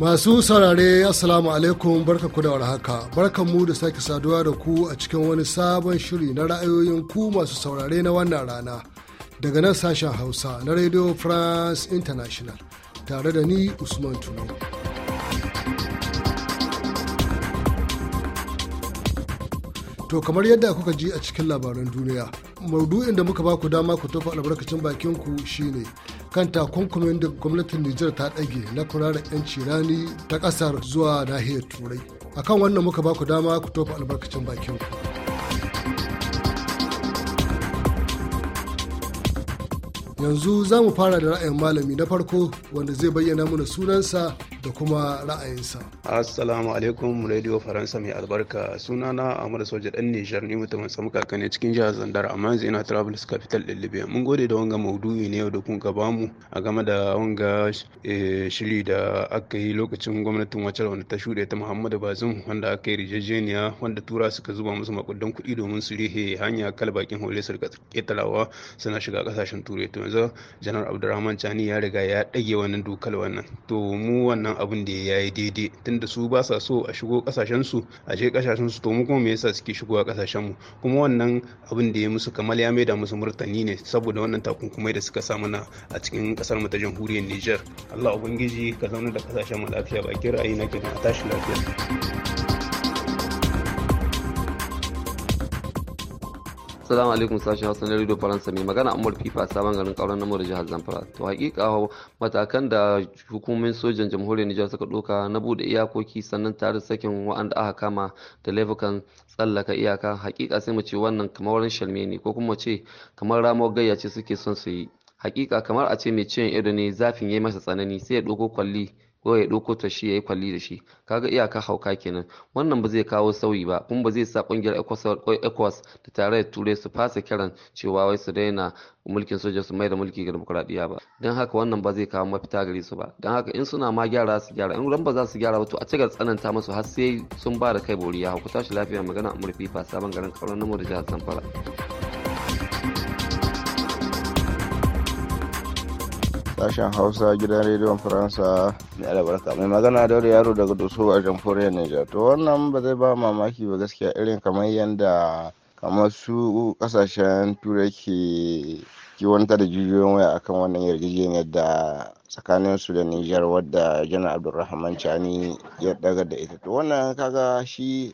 Masu saurare Assalamu alaikum barkanku da warhaka. Barkanmu da sake saduwa da ku a cikin wani sabon shiri na ra'ayoyin ku masu saurare na wannan rana. Daga nan sashen Hausa na Radio France International tare da ni Usman Tuno. To kamar yadda kuka ji a cikin labaran duniya. maudu'in da muka ba ku dama ku tofa albarkacin bakin ku shine kan takunkumin da gwamnatin Nijar ta ɗage na kuraren 'yanci rani ta ƙasar zuwa nahiyar Turai. Akan wannan muka ba ku dama ku tofa albarkacin bakin ku. Yanzu za mu fara da ra'ayin malami na farko wanda zai bayyana mana sunansa da kuma ra'ayinsa. Assalamu alaikum Radio Faransa mai albarka sunana Amadu Soja dan Nijar ni mutumin tsamka ne cikin jihar Zandar amma yanzu ina Travelers Capital din Libya. Mun gode da wanga maudu'i ne yau da kun ga bamu a game da wanga eh, shiri da aka yi lokacin gwamnatin wacce wanda ta shuɗe ta Muhammadu Bazum wanda aka yi rijejeniya wanda tura suka zuba musu makudan kuɗi domin su rihe hanya kal bakin hole su ketarawa suna shiga kasashen turai to yanzu janar abdulrahman chani ya riga ya ɗage wannan dokar wannan to mu wannan wannan abun da ya yi daidai tunda su ba sa so a shigo kasashen su a je kasashen su to mu kuma me yasa suke shigowa kasashen mu kuma wannan abun da ya musu kamar ya da musu murtani ne saboda wannan takunkumai da suka sa mana a cikin kasar mu ta jamhuriyar Niger Allah ubangiji ka zauna da kasashen mu lafiya bakin ra'ayi na kenan a tashi lafiya Assalamu alaikum sashen Hausa na Radio Faransa mai magana Amur Fifa sabon garin kauran namar jihar Zamfara. To hakika matakan da hukumomin sojan jamhuriyar Nijar suka doka na bude iyakoki sannan tare sakin wa'anda aka kama da laifukan tsallaka iyaka hakika sai mu ce wannan kamar wurin shalme ne ko kuma ce kamar ramar gayyace suke son su yi. Hakika kamar a ce mai ciwon ido ne zafin ya masa tsanani sai ya ɗauko kwalli ko ya ɗauko ta shi ya yi kwalli da shi kaga iyaka hauka kenan wannan ba zai kawo sauyi ba kuma ba zai sa ƙungiyar ecowas da tarayyar turai su fasa kiran cewa wai su daina mulkin soja su mai da mulki ga demokuraɗiyya ba don haka wannan ba zai kawo mafita gare su ba don haka in suna ma gyara su gyara in ba za su gyara ba to a ci tsananta musu har sai sun ba da kai bori ya hau ku tashi lafiya magana amurfi fa sabon garin kauran namo da jihar zamfara. sashen hausa gidan rediyon faransa mai albarka mai magana da yaro daga doso a jamhuriyar niger to wannan ba zai ba mamaki ba gaskiya irin kamar yadda kamar su kasashen turai ke kiwanta da jijiyoyin waya akan wannan yarjejeniyar da tsakanin su da niger wadda jana abdulrahman chani ya daga da ita to wannan kaga shi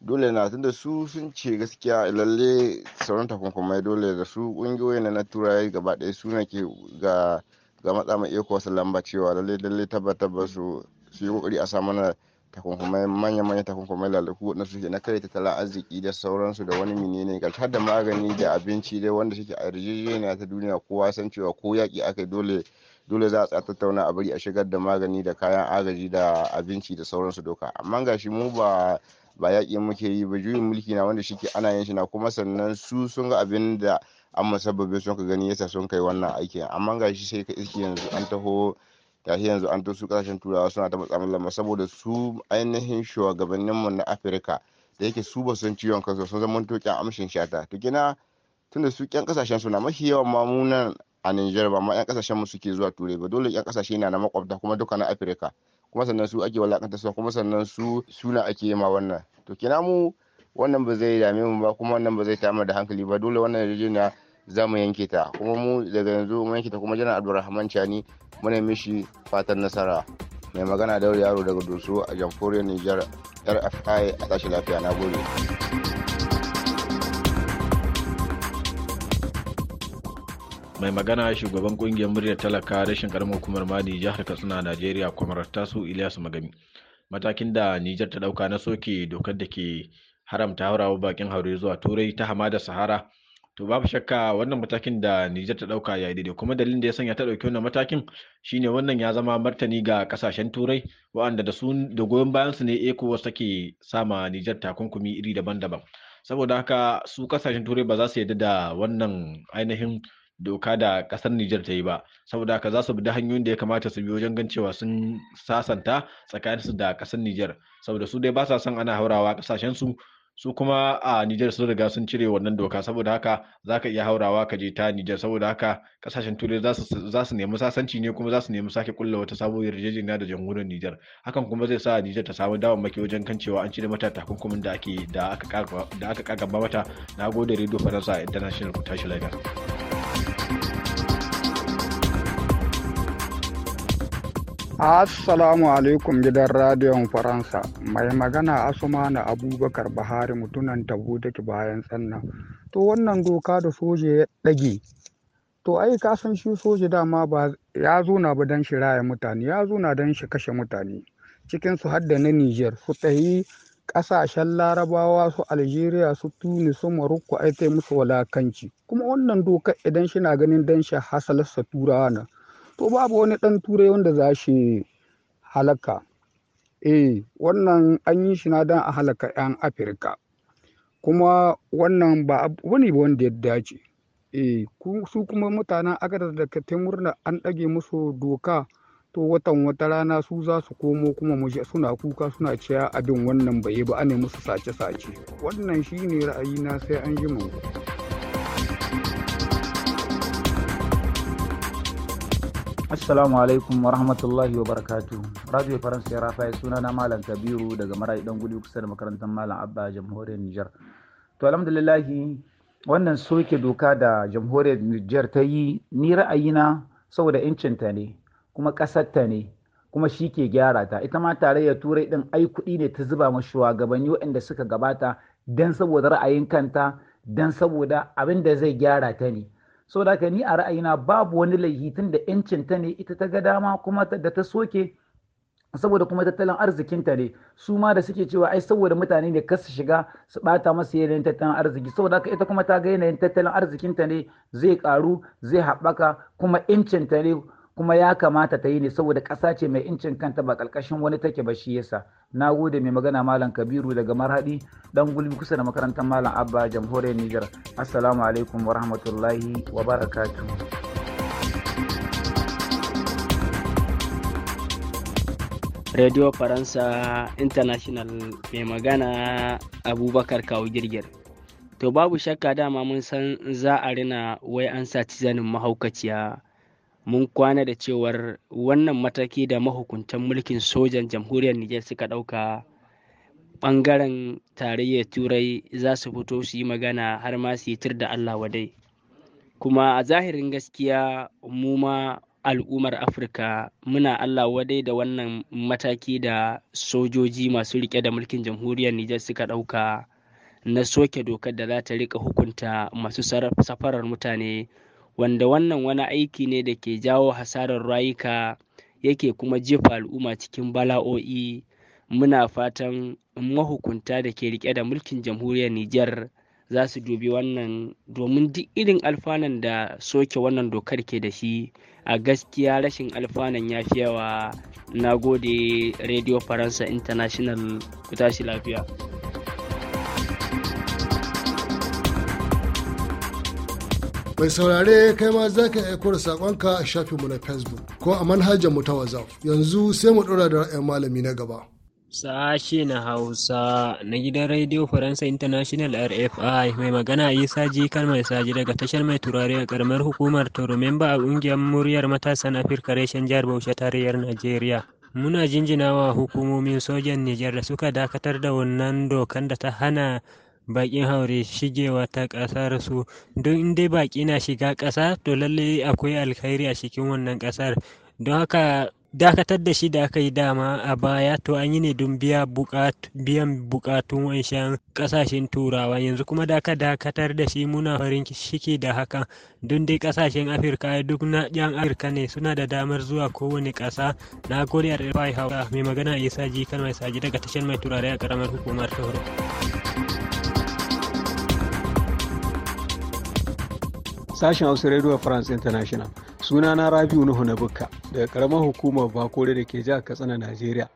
dole na tunda su sun ce gaskiya lalle sauran takunkumai dole da su kungiyoyin na turai gaba ɗaya su ne ke ga ga matsa iko iya wasu lamba cewa lalle lalle tabbatar ba su su yi kokari a samu na takunkumai manya manya takunkumai lalaku su suke na kai tattalin arziki da sauransu da wani menene ne har da magani da abinci dai wanda suke a yarjejeniya ta duniya kowa san cewa ko yaƙi aka dole dole za a tattauna a bari a shigar da magani da kayan agaji da abinci da sauransu doka amma gashi mu ba ba yaƙi muke yi ba juyin mulki na wanda shike ana yin shi na kuma sannan su sun ga abin da amma sababin sun ka gani yasa sun kai wannan aikin amma ga shi sai ka iske yanzu an taho tashi yanzu an to su kasashen turawa suna ta matsa mallama saboda su ainihin mu na afirka da yake su ba sun ciwon kansu sun zama tokin amshin shata to kina tunda su kyan kasashen suna mafi yawan nan a Nijar ba ma yan kasashen mu suke zuwa turai ba dole yan kasashe na na makwabta kuma duka na afirka kuma sannan su ake walakanta su kuma sannan su suna ake yi ma wannan to kina mu wannan ba zai dame mu ba kuma wannan ba zai tamar da hankali ba dole wannan yarjejeniya za mu yanke ta kuma mu daga yanzu mu yanke ta kuma janar abdulrahman cani muna mishi fatan nasara mai magana da yaro daga doso a jamhuriyar niger rfi a tashi lafiya na gode mai magana shugaban kungiyar muryar talaka rashin karamar hukumar mali jihar katsina najeriya kwamar tasu ilyasu magami matakin da niger ta dauka na soke dokar da ke haramta haurawa bakin haure zuwa turai ta hamada sahara to babu shakka wannan matakin da Nijar ta dauka yayi daidai kuma dalilin da ya sanya ta dauki wannan matakin shine wannan ya zama martani ga kasashen turai waɗanda da su da goyon bayan su ne ECOWAS take sama Nijar kunkumi iri daban-daban saboda haka su kasashen turai ba za su yadda da wannan ainihin doka da kasar Nijar ta yi ba saboda haka za su bi da hanyoyin da ya kamata su bi wajen gan cewa sun sasanta tsakanin su da kasar Nijar saboda su dai ba sa son ana haurawa kasashen su su kuma a Nijar sun riga sun cire wannan doka saboda haka za ka iya haurawa ka je ta Nijar saboda haka kasashen turai za su nemi sasanci ne kuma za su nemi sake kulla wata sabuwar yarjejeniya da jamhuriyar Nijar hakan kuma zai sa Nijar ta samu dawon maki wajen kan cewa an cire mata takunkumin da ake da aka kagaba mata na gode Radio Faransa International ku tashi lafiya Assalamu alaikum gidan radiyon Faransa. Mai magana Asumana Abubakar Buhari, mutunan tabu take bayan tsannan. To wannan doka da soja ya ɗage. To ai ka san shi soja dama ba ya zo na ba don shi raya mutane, ya zo na don shi kashe mutane. Cikinsu su har da na Niger su tsayi ƙasashen larabawa su algeria su tunis su morocco ai ta musu walakanci kuma wannan doka idan shi na ganin dan shi hasalarsa turawa na to babu wani dan turai wanda za shi halaka eh wannan an yi shi na dan a halaka 'yan afirka kuma wannan ba wani ba wanda ya dace eh su kuma mutanen agadar da ka murna an ɗage musu doka to watan wata rana su za su komo kuma mu suna kuka suna ciya abin wannan bai ba ana musu sace-sace wannan shine na sai an ji mun Assalamu alaikum wa rahmatullahi wa barakatu. Radio Faransa Rafa suna na Malam Kabiru daga Marai dan gudu kusa da makarantar Malam Abba Jamhuriyar Nijar. To alhamdulillahi wannan soke doka da Jamhuriyar Nijar ta yi ni ra'ayina saboda incinta ne. kuma ƙasarta ne kuma shi ke gyara ta ita ma tarayyar turai ɗin ai kuɗi ne ta zuba ma shugabanni waɗanda suka gabata don saboda ra'ayin kanta don saboda abin da zai gyara ta ne so da ni a ra'ayina babu wani laihi tun da yancin ta ne ita ta ga dama kuma da ta soke saboda kuma tattalin arzikinta ne su ma da suke cewa ai saboda mutane ne kar su shiga su bata masa yanayin tattalin arziki saboda ka ita kuma ta ga yanayin tattalin arzikin ta ne zai karu zai haɓaka kuma ta ne kuma ya kamata ta yi ne saboda ƙasa ce mai incin kanta ba ƙarƙashin wani take ba shi yasa na gode mai magana malam kabiru daga marhaɗi dan gulbi kusa da makarantar malam abba jamhuriyar niger assalamu alaikum wa rahmatullahi wa barakatu. radio faransa international mai magana abubakar kawo girgir to babu shakka dama mun san za a rina wai an sati zanin mahaukaciya mun kwana da cewar wannan mataki da mahukuntan mulkin sojan jamhuriyar Nijar suka ɗauka ɓangaren tarayyar turai za su fito su yi magana har ma su yi da Allah wadai kuma a zahirin gaskiya mu ma al'ummar afirka muna allah wadai da wannan mataki da sojoji masu rike da mulkin jamhuriyar nijar suka ɗauka na soke dokar da za ta rika hukunta masu safarar mutane wanda wannan wani aiki ne da ke jawo hasarar rayuka yake kuma jefa al'umma cikin bala'o'i muna fatan mahukunta da ke rike da mulkin jamhuriyar Nijar za su dubi wannan domin duk irin alfanan da soke wannan dokar ke da shi a gaskiya rashin alfanan ya fi yawa na gode radio faransa international ku tashi lafiya Mai saurare kai ma za ka iya kura saƙonka a shafinmu na Facebook ko a manhajar mu ta WhatsApp. Yanzu sai mu ɗora da ra'ayin malami na gaba. Sashe na Hausa na gidan Radio Faransa International RFI mai magana Isa Jikar mai saji daga tashar mai turare a karamar hukumar memba a ƙungiyar muryar matasan Afirka reshen jihar Bauchi tarayyar Najeriya. Muna jinjinawa hukumomin sojan Nijar da suka dakatar da wannan dokan da ta hana baƙin haure shigewa ta ƙasar su don in dai baƙi na shiga ƙasa to lallai akwai alkhairi a cikin wannan ƙasar don haka dakatar da shi da aka yi dama a baya to an yi ne don biyan bukatun wanshan kasashen turawa yanzu kuma da aka dakatar da shi muna farin ciki da haka don dai kasashen afirka duk na yan afirka ne suna da damar zuwa kowane ƙasa. na gode a mai magana isa jikan mai saji daga tashar mai turare a karamar hukumar ta sashen hausa radio france international suna na rabiu nuhu na bukka daga karamar hukumar bakore da ke jihar katsina nigeria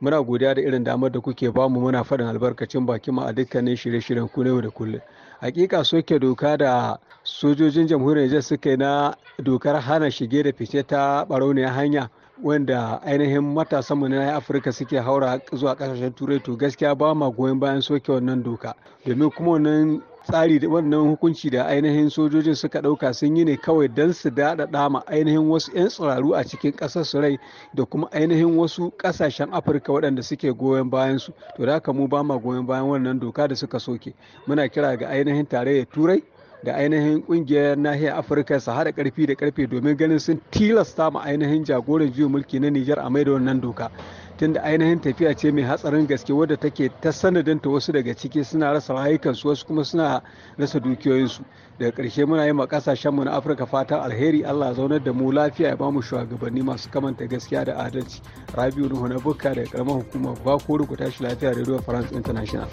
muna godiya da irin damar da kuke bamu muna faɗin albarkacin bakin mu a dukkanin shirye-shiryen ku da kullum hakika soke doka da sojojin jamhuriyar nijar suka yi na dokar hana shige da fice ta barauniyar hanya wanda ainihin matasanmu na afirka suke haura zuwa kasashen turai to gaskiya ba ma goyon bayan soke wannan doka domin kuma wannan tsari da wannan hukunci da ainihin sojojin suka ɗauka sun yi ne kawai don su daɗaɗa ma ainihin wasu 'yan tsiraru a cikin ƙasar su rai da kuma ainihin wasu ƙasashen afirka waɗanda suke goyon bayan su to da haka mu ba ma goyon bayan wannan doka da suka soke muna kira ga ainihin tarayyar turai da ainihin kungiyar nahiyar afirka su haɗa karfi da karfe domin ganin sun tilasta ma ainihin jagoran juyin mulki na nijar a mai da wannan doka tunda ainihin tafiya ce mai hatsarin gaske wadda take ta sanadinta wasu daga ciki suna rasa rayukansu wasu kuma suna rasa dukiyoyinsu daga karshe muna yi ma mu na afirka fatan alheri allah zaunar da mu lafiya ya bamu shugabanni masu kamanta gaskiya da adalci rabiu nuhu na bukka daga karamar hukumar bako rukuta shi lafiya radio france international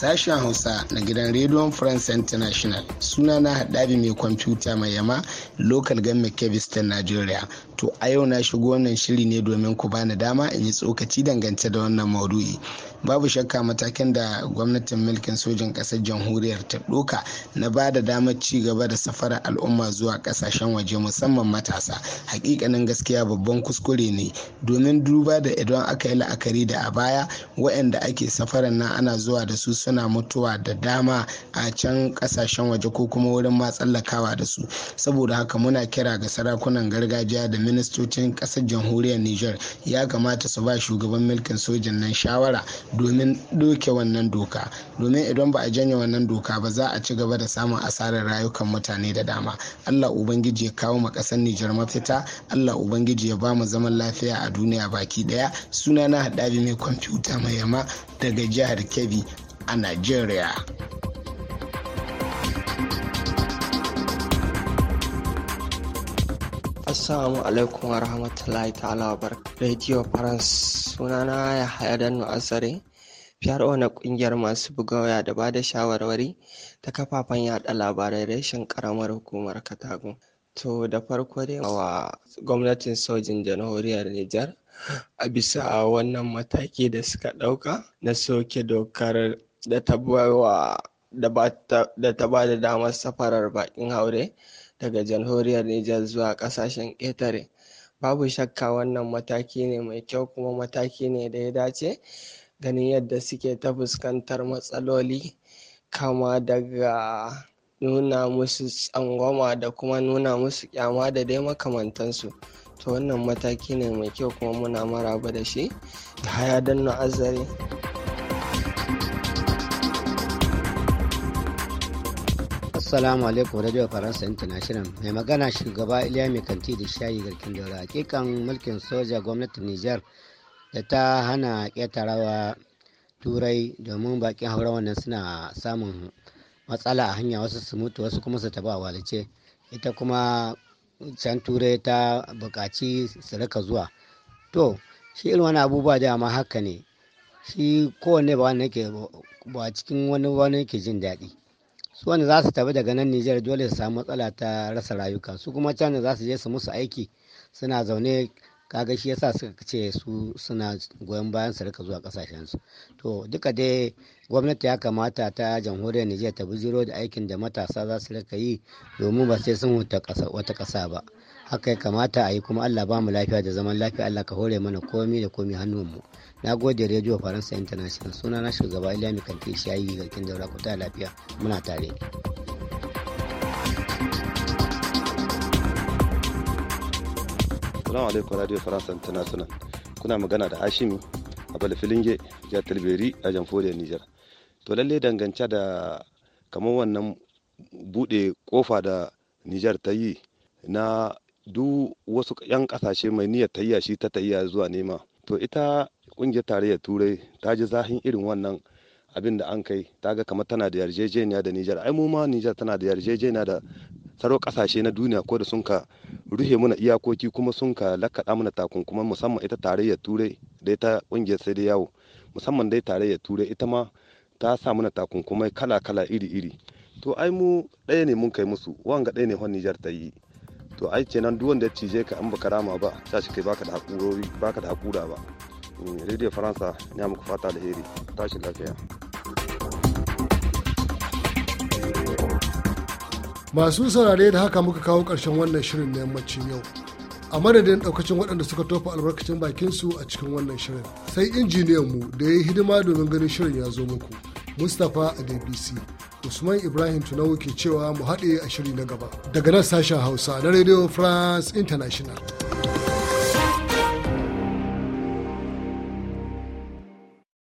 sashen hausa na gidan rediyon france international suna na haɗabi mai kwamfuta mai yama local government kebis ta nigeria to a yau na shigo wannan shiri ne domin ku bani dama in yi tsokaci dangance da wannan maudu'i babu shakka matakin da gwamnatin mulkin sojin ƙasar jamhuriyar ta ɗoka na ba da damar ci gaba da safarar al'umma zuwa ƙasashen waje musamman matasa hakikanin gaskiya babban kuskure ne domin duba da idan aka yi la'akari da a baya waɗanda ake safarar nan ana zuwa da su suna mutuwa da dama a can kasashen waje ko kuma wurin ma tsallakawa da su saboda haka muna kira ga sarakunan gargajiya da ministocin kasar jamhuriyar niger ya kamata su ba shugaban milkin sojan nan shawara domin doke wannan doka domin idan ba a janye wannan doka ba za a ci gaba da samun asarar rayukan mutane da dama allah ubangiji ya kawo ma kasar niger mafita allah ubangiji ya ba mu zaman lafiya a duniya baki daya suna na hadari mai kwamfuta mai yama daga jihar kebbi a Najeriya. Assalamu alaikum wa rahmatullahi ta'ala wa bar Radio France sunana ya haya dannu asare fiyar na kungiyar masu buga waya da ba da shawarwari ta kafafen yada labarai rashin karamar hukumar Katago. To da farko dai wa gwamnatin sojin jamhuriyar Nijar a bisa wannan mataki da suka ɗauka na soke dokar da ta ba da damar safarar bakin haure daga jamhuriyar Nijar zuwa kasashen ƙetare. Babu shakka wannan mataki ne mai kyau kuma mataki ne da ya dace ganin yadda suke ta fuskantar matsaloli kama daga nuna musu tsangwama da kuma nuna musu kyama da dai makamantansu. To wannan mataki ne mai kyau kuma muna maraba da shi. Haya don azare. Assalamu alaikum Radio Faransa International. Mai magana shugaba Iliya Mai Kanti da Shayi Garkin Daura. Hakikan mulkin soja gwamnatin Nijar da ta hana ƙetarawa turai domin bakin hauren wannan suna samun matsala a hanya wasu su mutu wasu kuma su taba walice ita kuma can turai ta bukaci su rika zuwa to shi irin wani abubuwa dama haka ne shi kowanne ba wani ba cikin wani wani ke jin daɗi su wanda za su tafi daga nan Nijar dole su samu matsala ta rasa rayuka su kuma can za su je su musu aiki suna zaune kaga shi yasa suka ce su suna goyon bayan su rika zuwa kasashen su to duka dai gwamnati ya kamata ta jamhuriyar Nijar ta bi jiro da aikin da matasa za su rika yi domin ba sai sun wata kasa ba haka ya kamata a yi kuma Allah ba mu lafiya da zaman lafiya Allah ka hore mana komi da komi hannunmu na gode rediyo faransa international suna na shugaba iliya mai kanti shayi garkin daura ku ta lafiya muna tare Salamu alaikum Radio faransa International. Kuna magana da Ashimi a Balfilinge, jihar Talberi a jamhuriyar Nijar. To lalle dangance da kamar wannan bude kofa da Nijar ta yi na duk wasu 'yan kasashe mai niyyar tayya shi ta tayya zuwa nema to ita kungiyar tarayyar turai ta ji zahin irin wannan abin da an kai ta ga kamar tana da yarjejeniya da nijar ai mu ma nijar tana da yarjejeniya da saro kasashe na duniya ko da sun ka ruhe muna iyakoki kuma sun ka lakaɗa mana takunkuman musamman ita tarayyar turai da ita kungiyar sai da yawo musamman dai tarayyar turai ita ma ta sa mana takunkumai kala-kala iri-iri to ai mu ɗaya ne mun kai musu wanga ɗaya ne hon nijar ta yi to ai kenan duk wanda ya cije ka an baka rama ba sa shi kai baka da hakurori baka da hakura ba mm, radio faransa ya muku fata heri tashi lafiya masu saurare da haka muka kawo ƙarshen wannan shirin na yammacin yau a madadin ɗaukacin waɗanda suka tofa albarkacin bakin su a cikin wannan shirin sai injiniyan mu da ya yi hidima domin ganin shirin ya zo muku mustapha a usman ibrahim tunawu ke cewa mu haɗe a shiri na gaba daga nan sashen hausa na radio france international